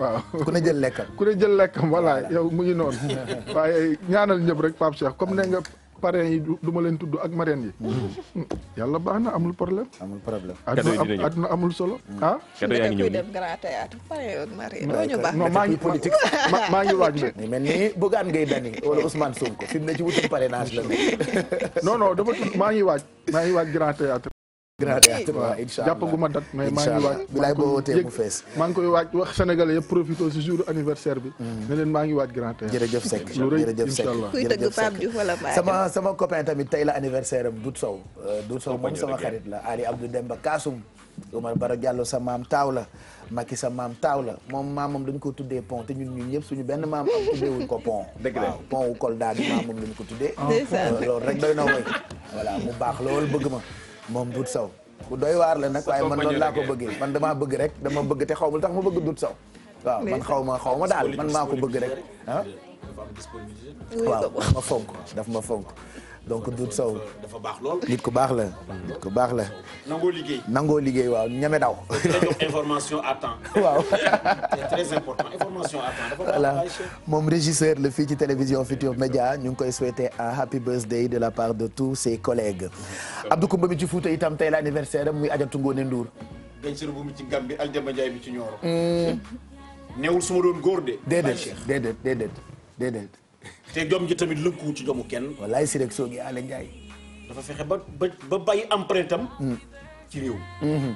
waaw ku ne jël lekkam ku ne jël lekkam voilà yow mu ñu noonu waaye ñaanal ñëpp rek Pape Cheikh comme ne nga parrain yi du ma leen tudd ak marraine yi mm. Mm. yàlla baax na amul problème amul problème adduna amul solo mm. ah kado yaa ngi ñëw dem grand théâtre parrain ak marraine doo maa ngi politique mel ni Bougane Gueye Dany wala Ousmane Sonko fi mu ne ci la non non dafa tudd maa ngi waaj maa ngi waaj grand théâtre grand théâtre waaw incha allah jàppaguma dat mais maa ngi waaj bilaay boo wootee mu fees maa ngi koy waaj wax sénégalais yëpp profité si jour anniversaire bi mm. ne leen maa ngi waaj grand théâtre jërëjëf Seck jërëjëf Seck kuy tëgg Pape Diouf wala sama sama tamit tey la anniversaire am Dout Sow euh, Dout Sow moom sama xarit la Ali Abdou Demba Kasum Omar Bara Diallo sa maam taaw la Macky sa maam taaw la moom maam maamam dañ ko tuddee pont te ñun ñun ñëpp suñu benn maam am tuddee wuñ ko pont waaw pont wu Kolda moom maamam lañ ko tuddee euh, loolu rek doy na woy voilà mu baax loolu bëgg ma moom Dut Saw ku doy waar la nag waaye man noonu laa ko bëggee man damaa bëgg rek dama bëgg te xaw ma lu tax ma bëgg Dut Saw waaw man xaw ma xaw ma daal man maa ko bëgg rek ah dafa am disponibilité. waaw daf ma fonk daf ma fonk. donc Doudou Sow dafa baax lool. nit ku baax la nit ku baax la. nangoo liggéey. nangoo liggéey waaw ñame daw. information à temps. waaw. c'est très important information à temps dafa voilà moom régisseur la fii ci télévision Futur Média ñu ngi koy souhaiter un happy birthday de la part de tous ses collègues. Abdou Koumba mi ci Fouta itam tey la anniversaire am muy Adjatou Ngoné Ndour. gàncax bu mu ci Gambie bi ci Nioro. Mm. newul su ma doon góor de. déedéet déedéet déedéet. te jom ji tamit lëkkuwu ci jomu kenn. wallaay si rek soo gi Alé Ndiaye. dafa fexe ba ba ba bàyyi empreinte am. Mm. ci réew mi. Mm-hmm.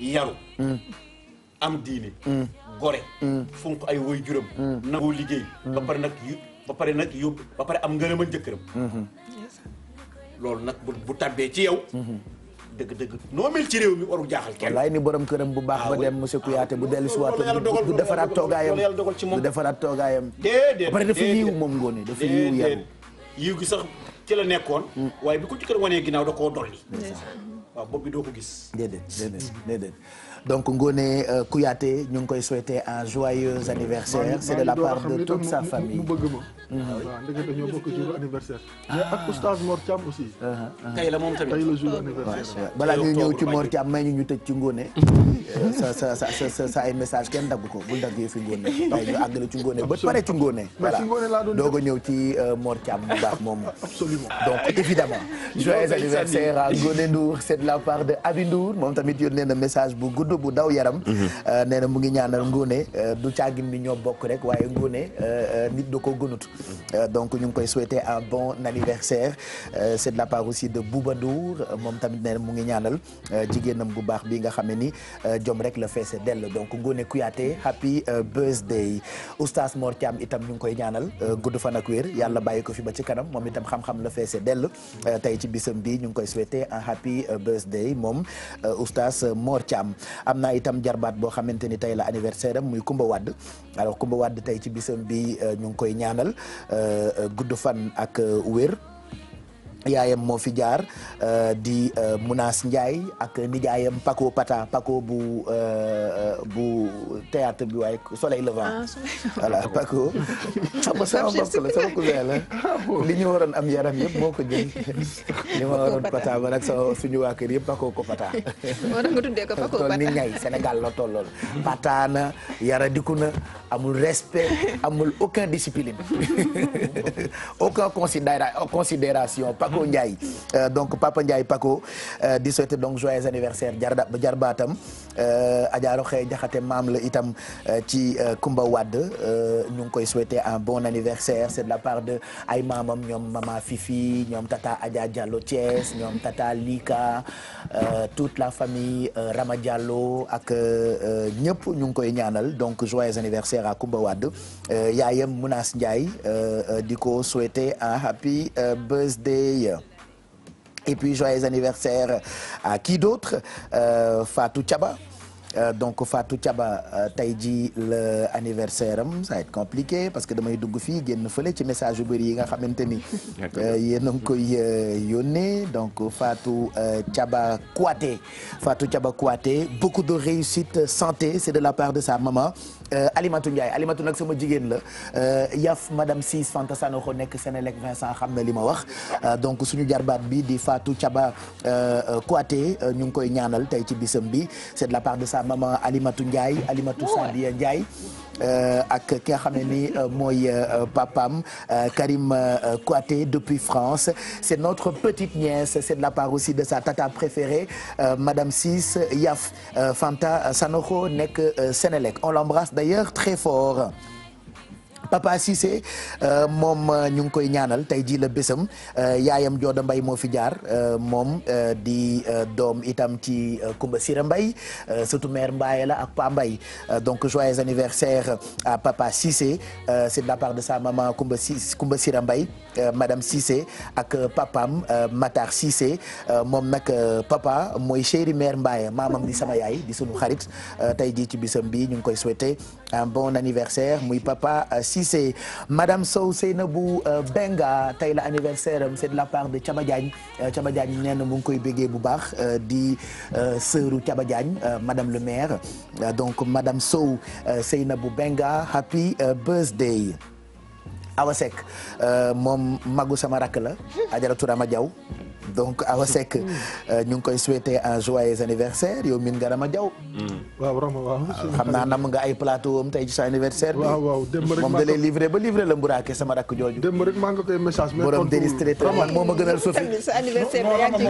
yaru. Mm. am diine. Mm. gore. fonk ay woy juram. nangoo liggéey. ba pare nag yu ba pare nag yóbbu ba pare am ngërëmal jëkkëram. Mm-hmm. loolu nag bu tàbbee ci yow. Mm-hmm. dëgg-dëgg noo mel ci réew mi waru jaaxal kenn wallaay ni borom këram bu baax ah ba dem monsieur Kouyaté bu ah dellu si waat du defaraat toogaayam du defaraat toogaayam déedéet ba pare dafa yiw moom ngoone dafa yiw yaru yiw gi sax ci la nekkoon hmm. waaye bi ko ci kër wanee ginnaaw da koo dolli waaw bopp bi doo ko gis. Euh, ñu ngi koy souhaiter un joyeux anniversaire. c'est de la part de toute sa famille mu bëgg ma. Mhm. waaw ndeket dañoo bokk jour anniversaire. Ah. mais ak oustaz Mor Thiam aussi. Uh-huh, uh-huh. tey la moom tamit ci Mor may ñu ñu tëj ci Ngoné. sa sa sa sa ay message kenn dagg ko bul dagg fi Ngoné tey ñu àggale ci Ngoné ba pare ci Ngoné. voilà doog a ñëw ci euh, Mor bu baax moom donc évidemment joyeux anniversaire à Ngoné Ndour de la part de Abindour moom tamit yónnee na message bu gudd bu daw yaram. Mhm. Euh, nee na mu ngi ñaanal Ngone euh, du caagin bi ñoo bokk rek waaye Ngone euh, nit du ko gënut. Mhm. donc ñu ngi koy souhaiter un bon anniversaire c'est de la part aussi de Bouba Ndour moom tamit nee mu ngi ñaanal jigéenam bu baax bi nga xam ne ni jom rek la feese dell donc Ngone Kouyaté happy birthday oustaz Mor Thiam itam ñu ngi koy ñaanal gudd fa ak wér yàlla bàyyi ko fi ba ci kanam moom itam xam la feese dell mhm. ESD yi moom euh, oustaz Mor Thiam am naa itam jarbaat boo xamante ni tey la anniversaire am muy Kumba Wadd alors Kumba Wadd tey ci bisa bi euh, ñu ngi koy ñaanal euh, gudd fan ak wér yaayam moo fi jaar euh, di euh, Mounas Ndiaye ak nijaayam Paco Pata Paco bu euh, bu théâtre bi waaye Soleil Levant ah, voilà Paco xam nga sama mbokk la li ñu waroon am yaram yëpp moo ko jël li ma waroon Pata man ak sama suñu waa kër yëpp Paco ko Pata war nga tuddee ko Paco Pata ni ñay Sénégal na amul respect amul aucun discipline aucun considération Paco Ndiaye euh, donc Papa Ndiaye pako euh, di souhaiter donc joyeux anniversaire jarda jarbaatam Euh, Adja Roxee Jaxate maam la itam euh, ci Kumba euh, Wade ñu ngi koy souhaiter un bon anniversaire c'est de la part de ay maamam ñoom Mama Fifi ñoom Tata Adja Diallo Thiès ñoom Tata Lika toute la famille Rama Diallo ak ñëpp ñu ngi koy ñaanal donc joyeux anniversaire à Kumba Wade yaayam Mounas Ndiaye di ko souhaiter un happy birthday Et puis, joyeux anniversaire à qui d'autre euh, Fatou Tchaba Euh, donc faatu Thiaba euh, tey ji le anniversaire am ça et être compliqué parce que damay dugg fii génn fële ci message yu bëri yi nga xamante ni euh, yéen a ngi koy yónnee donc Fatou Thiaba Kouaté Fatou Thiaba Kouaté beaucoup de réussite santé c'est de la part de sa maman Alimatou Ndiaye Alimatou nag sama jigéen la yaf madame Ciss Fanta Sanoxo nekk Sénélec Vincent xam na li ma wax donc suñu jarbaat bi di Fatou Thiaba Kouaté ñu ngi koy ñaanal tey ci bisam bi c'est de la part de sa maman Alimatu Ndiaye Alimatu Sadia Ndiaye euh, ak ki nga xam ne ni euh, mooy euh, papam Karim Kouaté depuis France c'est notre petite nièce c'est de la part aussi de sa tata préférée madame Ciss Yaf Fanta Sanokho nekk Sénélec on l'embrasse d'ailleurs très fort Papa Cissé euh, moom euh, ñu ngi koy ñaanal tey jii la bésam euh, yaayam Jooda Mbay moo fi jaar moom di doom itam ci Kumba Sira Mbay surtout Mbaye la ak Mbay donc joyeux anniversaire Papa Cissé c'est de de sa maman Kumba Cissé Mbay madame Cissé ak papam Matar Cissé moom nag papa mooy chéri mère Mbaye maamam di sama yaay di sunu xarit tey jii ci bisam bi ñu ngi koy souhaiter um bon anniversaire muy papa euh, Cissé madame Sow bu euh, Benga tey la anniversaire am euh, c'est de la part de Thiaba Diagne Thiaba Diagne nee mu ngi koy béggee bu baax di sœuru Thiaba Diagne madame le maire donc madam Sow Seynabou Benga happy birthday Awa Seck moom magu sama rakk la Adjaratou Rama Diaw donc Awa Seck ñu ngi koy souhaiter un joyeux anniversaire yow min nga dama jaw waaw Rama waaw xam nga ay plateau am tey ci sa anniversaire bi waaw waaw démb ma moom da lay livré ba livré la mburaake sama rakk jooju démb rek maa nga koy message borom déris traiteur man moo ma gënal Sophie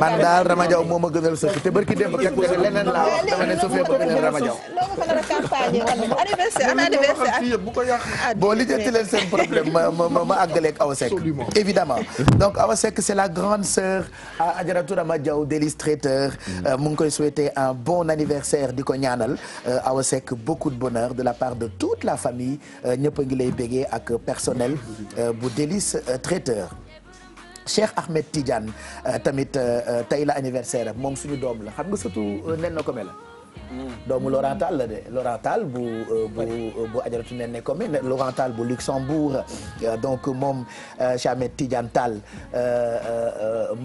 man daal Rama Jaw moo ma gënal Sophie te barki démb rek leneen laa wax dama ne Sophie ba gënal Rama Jaw bon li jënti ma àggaleeg Awa Seck évidemment donc Awa Seck c'est la grande sœur à ah, Adjaratou ma Diaw délice traiteur mm. euh, mu ngi koy souhaiter un bon anniversaire di ko ñaanal euh, Awa Seck beaucoup de bonheur de la part de toute la famille euh, ñëpp a ngi lay bégee ak personnel bu délis traiteur Cheikh Ahmed Tidiane tamit tey la anniversaire moom suñu doom la xam nga surtout nen na ko mel la Mm. doomu Laurental la de Laurental bu euh, euh, bu ajaratu nen ne commune bu Luxembourg euh, donc moom Chamet Tidiane Tall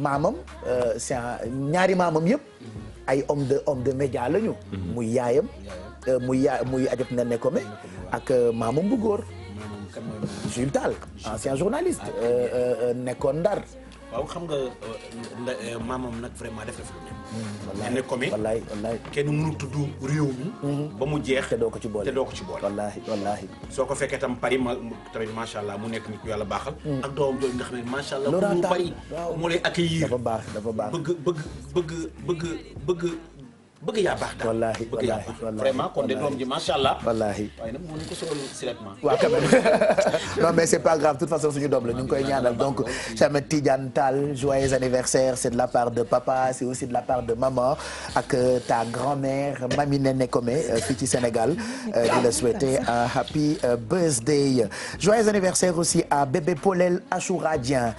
maamam c'est ñaari maamam yëpp mm-hmm. ay homme de homme de média lañu mm-hmm. mu yaayam mu yaay muy ajaratu nen ne commune ak maamam bu góor Jules Tall ancien journaliste ah, nekkoon Ndar waaw xam nga euh, euh, maamam nag vraiment def na fi lu ne. wallaay ne comme wallaay wallaay kenn mënu tudd réew mi. Mm-hmm. ba mu jeex te doo ko ci boole te doo ko ci boole. wallaahi wallaahi. soo ko fekkee tam Paris ma tamit macha allah mu nekk nit ñu yàlla baaxal. Mm. ak doomam jooju nga xam ne macha allah. mu bari mu lay accueillir. dafa baax dafa baax bëgg bëgg bëgg bëgg bëgg. bëgg yaa baax daal wallaahi wallaahi vraiment kon de doom ji macha allah. wallaahi waaye nag mënuñu ko sóoralu directement. waaw quand même non mais c'est pas grave de toute façon suñu doom la ñu ngi koy ñaanal donc Cheikh Tidiane Tall joyeux anniversaire c'est de la part de papa c'est aussi de la part de maman ak euh, ta grand-mère Mami Néné Komé euh, fii ci Sénégal euh, di la souhaiter un happy birthday joyeux anniversaire aussi à bébé Polel Achoura Dieng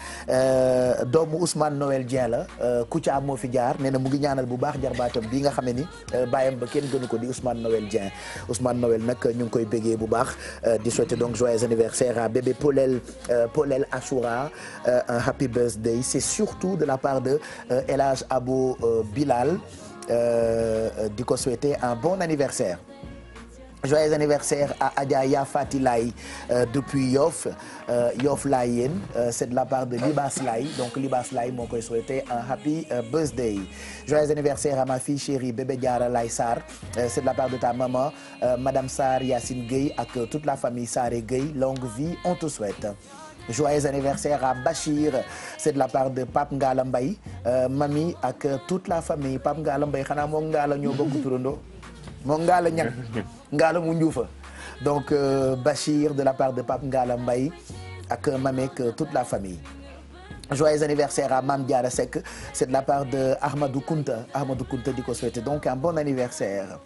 doomu Ousmane Noël Dieng la Kouthia moo fi jaar nee na mu ngi ñaanal bu baax jarbaatam bi nga xam ne ni euh, bàyyam ba kenn gënu ko di Ousmane Noël Dieng Ousmane Noël nag ñu ngi koy bégee bu baax euh, di souhaiter donc joyeux anniversaire à bébé Paulel euh, Paulel Assoura un happy birthday c'est surtout de la part de El Hadj Abo Bilal di ko souhaiter un bon anniversaire joyeux anniversaire à Adja Yafati Laye euh, depuis Yoff euh, Yoff Layeen euh, c'est de la part de Libas Laye donc Libas Laye moo koy souhaiter un happy euh, birthday joyeux anniversaire à ma fille chérie bébé Diara Laye Sarr euh, c'est de la part de ta maman madame Sarr Yacine Gueye ak toute la famille Saré Gueye longue vie on te souhaite joyeux anniversaire à Bachir c'est de la part de Pape Ngala Mbaye mami ak toute la famille Pape Ngala Mbaye xanaa moom Ngala ñoo bokk turando moom Ngala ñag Ngala mu Ndioufa donc euh, Bachir de la part de Pape Ngala Mbaye ak Mamek toute la famille. joyeux anniversaire à Mame Diarra Seck c'est de la part de Ahmadou Kounta Ahmadou Kounta di ko souhaiter donc un bon anniversaire.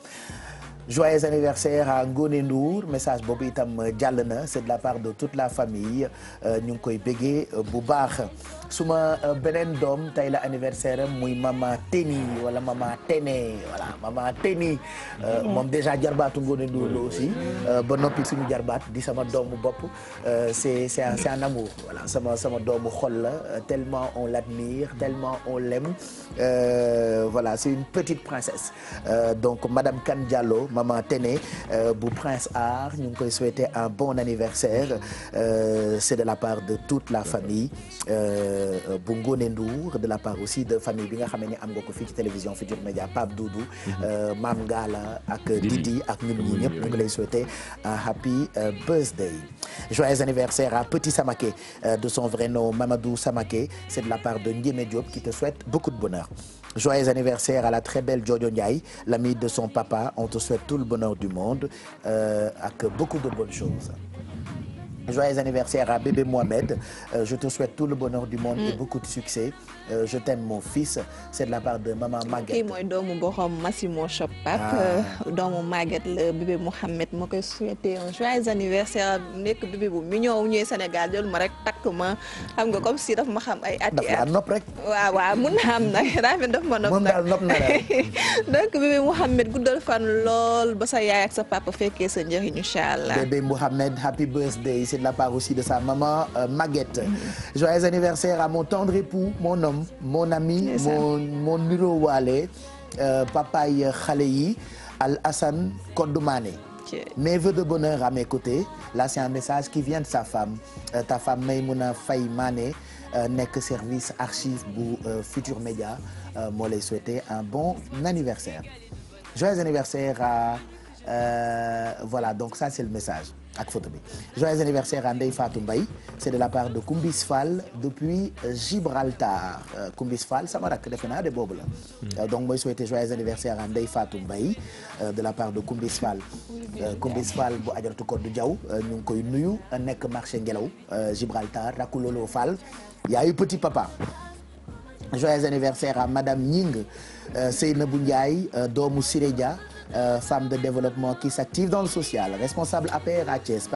joyeux anniversaire à Ngoné Ndour message boobu itam jàll na c'est de la part de toute la famille euh, ñu ngi koy béggee euh, bu baax suma euh, beneen doom tey la anniversaire muy mama Teni wala mama Tene voilà mama Teni mmh. moom déjà jarbaatu Ngoné Ndour la aussi ba noppi suñu jarbaat di sama doomu bopp c'est c'est un c'est un amour sama sama doomu xol la tellement on l'admire tellement on l'aime voilà c'est une petite princesse donc madame Kane Diallo maman Téné euh, bu Prince Art ñu ngi koy souhaiter un bon anniversaire euh, c'est de la part de toute la famille euh, bu Ngoné ndu de la part aussi de famille bi nga xam ne am nga ko fii ci télévision Futur Média Pape Doudou mhm. Mame Ngala ak Didi ak ñun ñi ñëpp ñu ngi lay souhaiter un happy birthday joyeux anniversaire à Petit Samaké de son vrai nom Mamadou Samaké c'est de la part de Ndiémé Diop qui te souhaite beaucoup de bonheur joyeux anniversaire à la très belle Jojo Ndiaye l'amie de son papa tout le bonheur du monde euh, ak beaucoup de bonnes choses Joyeux anniversaire à bébé Mohamed. Euh, je te souhaite tout le bonheur du monde mm. beaucoup de succès. Euh, je t'aime mon fils. C'est de la part de maman Maguette. kii mooy doomu borom Massimo Shop Pape. Ah. Euh, doomu Maguette la bébé Mohamed ma koy souhaiter un joyeux a nekk bébé bu mignon ñëwee Sénégal jël ma rek takk ma xam nga comme si daf ma xam ay. ati at waaw mun na am nag rafet daf ma nopp na donc bébé Mohamed guddal fan lool ba sa yaay ak sa papa fekkee sa njëriñ incha allah. c'est de la part aussi de sa maman euh, Maguette. Mm. Joyeux anniversaire à mon tendre époux, mon homme, mon ami, yes, mon mon nuro waale euh, papaay xale yi Al Hassan Kodumane. Okay. Mes vœux de bonheur à mes côtés. Là, c'est un message qui vient de sa femme, euh, ta femme Maïmouna Faye Mané. Euh, nekk service archive bu euh, Futur Média euh, moo lay souhaiter un bon anniversaire joyeux anniversaire à euh, voilà donc ça c'est le message ak photo bi joyeux anniversaire à Ndeye Fatou Mbaye c'est de la part de Koumbis Fall depuis Gibraltar euh, Koumbis Fall sama rakk defe naa de boobu la hmm. euh, donc mooy souhaiter joyeux anniversaire à Ndeye Fatou Mbaye euh, de la part de Koumbis Fall Koumbis Fall bu ajaratu ko du jaw ñu ngi koy nuyu nekk marché ngelaw Gibraltar rakku Lolo Fall yaayu petit papa joyeux anniversaire à madame Nying Seynabou Ndiaye doomu Siré Dia Euh, femmes de développement qui s'activent dans le social responsable APR à Thiès